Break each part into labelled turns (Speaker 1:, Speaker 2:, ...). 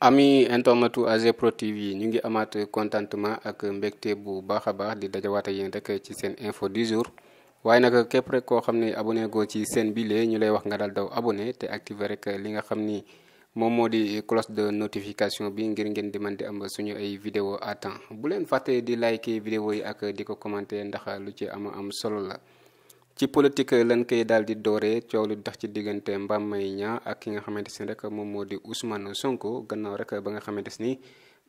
Speaker 1: ami internetu AG PROD TV yi ñu ngi amaat contentement ak mbégte bu baax a baax di dajawaat yéen rek ci seen info du jour waaye nag képp rek koo xam ne abonné goo ci seen bile ñu lay wax nga daal daw abone te activé rek li nga xam ni moom moo di cloche de notification bi ngir ngeen di man di am suñu ay vidéo à temps bu leen fàtte di like vidéo yi ak di ko commenter ndax lu ci am am solo la. ci politique lañ koy daal di dooree coow lu dox ci diggante Mame Mbaye ñaa ak ki nga xamante si rek moom moo di Ousmane Sonko gannaaw rek ba nga xamante si ni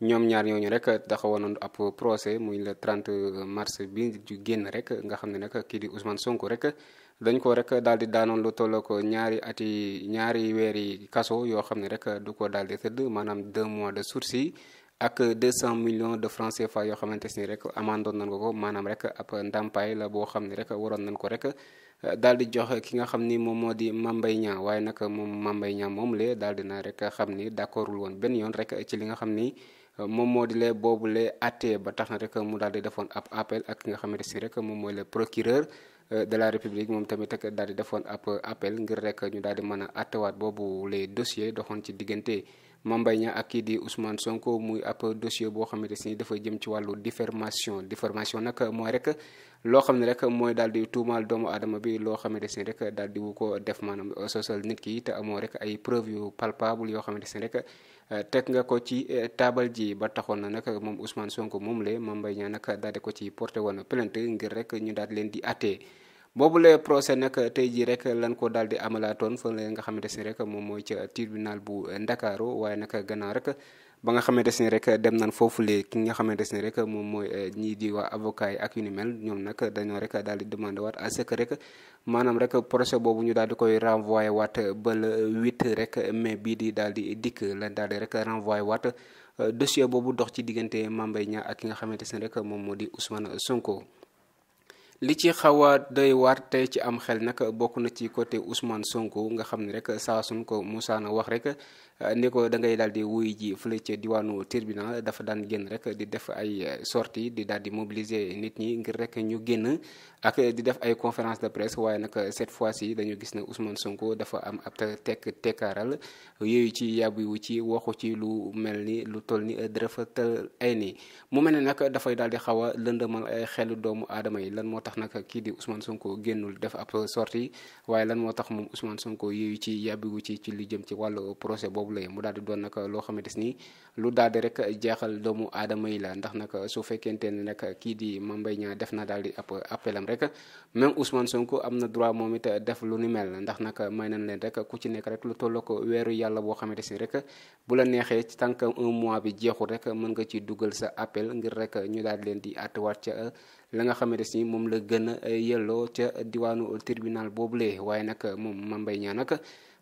Speaker 1: ñoom ñaar ñooñu rek taxawoon ab procès muy la trente mars bi ju génn rek nga xam ne nag kii di Ousmane Sonko rek dañ ko rek daal di daanoon lu tolloo ko ñaari ati ñaari weeri kaso yoo xam ne rek du ko daal di tëdd maanaam deux mois de sursis ak 200 millions de francs CFA yoo xamante ni rek amandoon nañ ko maanaam rek ab ndàmpaay la boo xam ne rek waroon nañ ko rek euh, daal di jox ki nga xam ni moom moo di Mame waaye nag moom Mame moom lee daal dina rek xam ni d'accordul woon benn yoon rek ci li nga xam ni euh, moom moo di lee boobu lee àttee ba tax na rek mu daal di defoon ab appel ak ki nga xamante si rek moom mooy la procureur euh, de la république moom tamit ak daal di defoon ab appel ngir rek ñu daal di mën a àttewaat boobu les dossiers doxoon ci diggante. Mame ak kii di Ousmane Sonko muy ab dossier boo xamante si dafa jëm ci wàllu diffamation diffamation nag mooy rek loo xam ne rek mooy daal di tuumaal doomu aadama bi loo xamante si rek daal di wu ko def maanaam sosal nit ki te amoo rek ay preuve yu palpable yoo xamante si rek eh, teg nga ko ci eh, taabal ji ba taxoon na nag moom Ousmane Sonko moom le Mame Mbaye Niang nag daal di ko ci porté woon plainte ngir rek ñu daal di leen di àtte. boobu le procès nag tey jii rek lan ko daal di amalaatoon fa la nga xamante ni rek moom mooy ca tirbinal bu Ndakaaru waaye nag gannaaw rek ba nga xamante ni rek dem nañ foofulee ki nga xamante ni rek moom mooy eh, ñii di waa avocat ak yu ñoom nag dañoo rek daal di demandé waat à que rek maanaam rek procès boobu ñu daal di koy renvoyé waat ba le rek mai bii di daal di dikk lan daal di rek renvoyé waat eh, dossier boobu dox ci diggante Mame Mbaye Niang ak ki nga xamante ni rek moom moo di Ousmane Sonko. li ci xaw a doy waar tey ci am xel nag bokk na ci côté Ousmane Sonko nga xam ne rek saa suñ ko Moussa wax rek Euh, ni ko da ngay daal di wuy ji fële ca diwaanu tribunal dafa daan génn rek di def ay euh, sortie di daal di mobiliser nit ñi ngir rek ñu génn ak di def ay conférence de presse waaye nag cette fois yi dañu gis ne Ousmane Sonko dafa am ab tekk tekkaaral yooyu ci yàbbu ci waxu ci lu mel ni lu toll ni dërëfatal ay ni mu mel ne nag dafay daal di xaw a lëndëmal ay xelu doomu aadama yi lan moo tax nag kii di Ousmane Sonko génnul def ab sorti waaye lan moo tax moom Ousmane Sonko yooyu ci yàbbu ci ci lu jëm ci wàllu projet boobu boobu lay mu daal di doon nag loo xamante ni lu daal di rek jeexal doomu aadama yi la ndax nag su fekkente ne nag kii di Mame Mbaye def na daal di ab appelam rek même Ousmane Sonko am na droit moom it def lu ni mel ndax nag may nañ leen rek ku ci nekk rek lu tolloo ko weeru yàlla boo xamante ni rek bu la neexee ci tànk un mois bi jeexul rek mën nga ci dugal sa appel ngir rek ñu daal di leen di àttewaat ca la nga xamante ni moom la gën a yelloo ca diwaanu tribunal boobulee waaye nag moom Mame Mbaye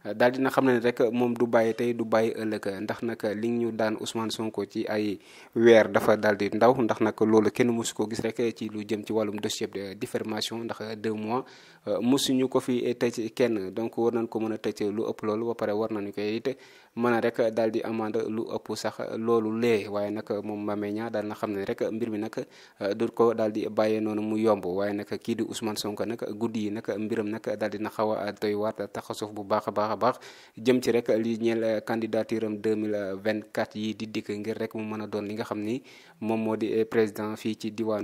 Speaker 1: daal dina xam ne rek moom du bàyyi tey du bàyyi ëllëg ndax nag li ñu daan Ousmane Sonko ci ay weer dafa daal di ndaw ndax nag loolu kenn mosu ko gis rek ci lu jëm ci wàllum dossier de diffamation ndax de mois euh, mosuñu ko fi tëj kenn donc war nañ ko mën a tëj lu ëpp loolu ba pare war nañu koy it mën a rek daal di amande lu ëpp sax loolu lee waaye nag moom Mame Niang daal na xam ne rek mbir mi nag euh, du ko daal di bàyyee noonu mu yomb waaye nag kii di Ousmane Sonko nag guddi yi nag mbiram nag daldi na xaw a doy waar taxasuuf bu baax a baax baax a baax jëm ci rek li ñeel candidature am 2024 yi di dikk ngir rek mu mën a doon li xam ni euh,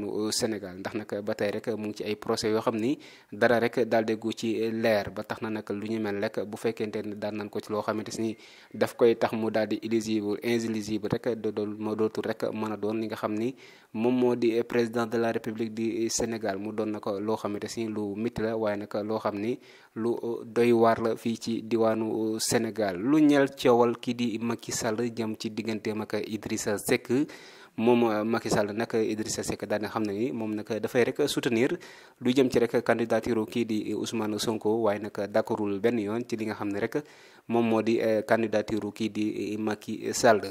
Speaker 1: ndax nag ba tey rek mu ngi ci ay procès yoo xam ni dara rek daal déggu ci leer ba tax na nag lu ñu mel rek bu fekkente ne daan nañ ko ci loo xamante ni daf koy tax mu daal di éligible inéligible rek doodoo ma dootul rek mën doon li nga xam ni moom moo di président de la république du Sénégal mu doon na ko loo xamante si lu mit la waaye nag loo xam ni lu euh, doy waar la fii ci diwaanu Sénégal lu ñeel ceewal kii di Macky Sall jëm ci digganteem ak Idrissa Seck moom euh, Macky Sall nag Idrissa Seck daal di xam ne ni moom nag dafay rek soutenir lu jëm ci rek candidature kii di Ousmane Sonko waaye nag d'accordul benn yoon ci li nga xam ne rek moom moo di euh, candidature kii di Macky Sall.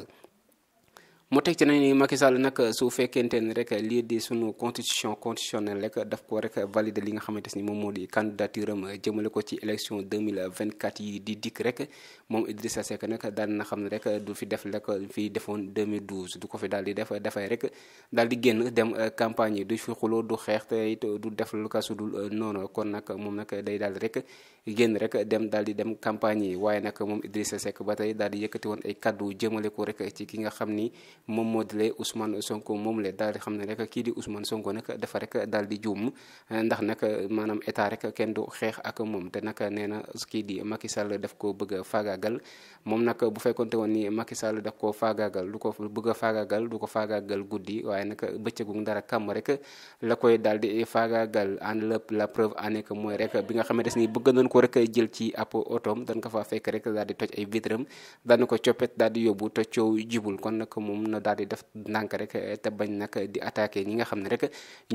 Speaker 1: mu teg ci nañu Macky Sall nag su fekkente ni rek lii di sunu constitution constitutionnelle rek def ko rek valider li nga xamante ni moom moo di candidature am jëmale ko ci élection 2024 yi di dikk rek moom Idrissa Seck nag daal na xam ne rek du fi def rek fi defoon 2012 du ko fi daal di def dafay rek daal di génn dem euh, campagne du fi du xeex te du def lu kasu dul euh, noonu kon nag moom nag day daal rek génn rek dem daal di dem campagne yi waaye nag moom Idrissa Seck ba tey daal di yëkkati woon ay kaddu jëmale ko rek ci ki nga xam ni moom moo di lee Ousmane Sonko moom le daal di xam ne rek kii di Ousmane Sonko nag defar rek daal di juum ndax nag maanaam état rek kenn du xeex ak moom te nag nee na kii di Macky Sall daf ko bëgg a faagaagal moom nag bu fekkonte woon ni Macky Sall daf koo faagaagal du ko bëgg a faagaagal du ko faagaagal guddi waaye nag bëccëgu dara kàmm rek la koy daal di faagaagal en la preuve en mooy rek bi nga xamante ni bëgg nañ ko rek jël ci ab otoom dañ ko faa fekk rek daal di toj ay vitram dañ ko coppet daal di yóbbu te coow jibul kon nag moom mën daal di def ndànk rek eh, te bañ nag di attaqué ñi nga xam ne rek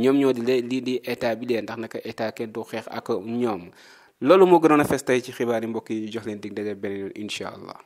Speaker 1: ñoom ñoo di lii di état bi lee ndax nag état kenn du xeex ak ñoom loolu moo gënoon a fes tey ci xibaar yi mbokk yi jox leen dig daje beneen yoon incha allah.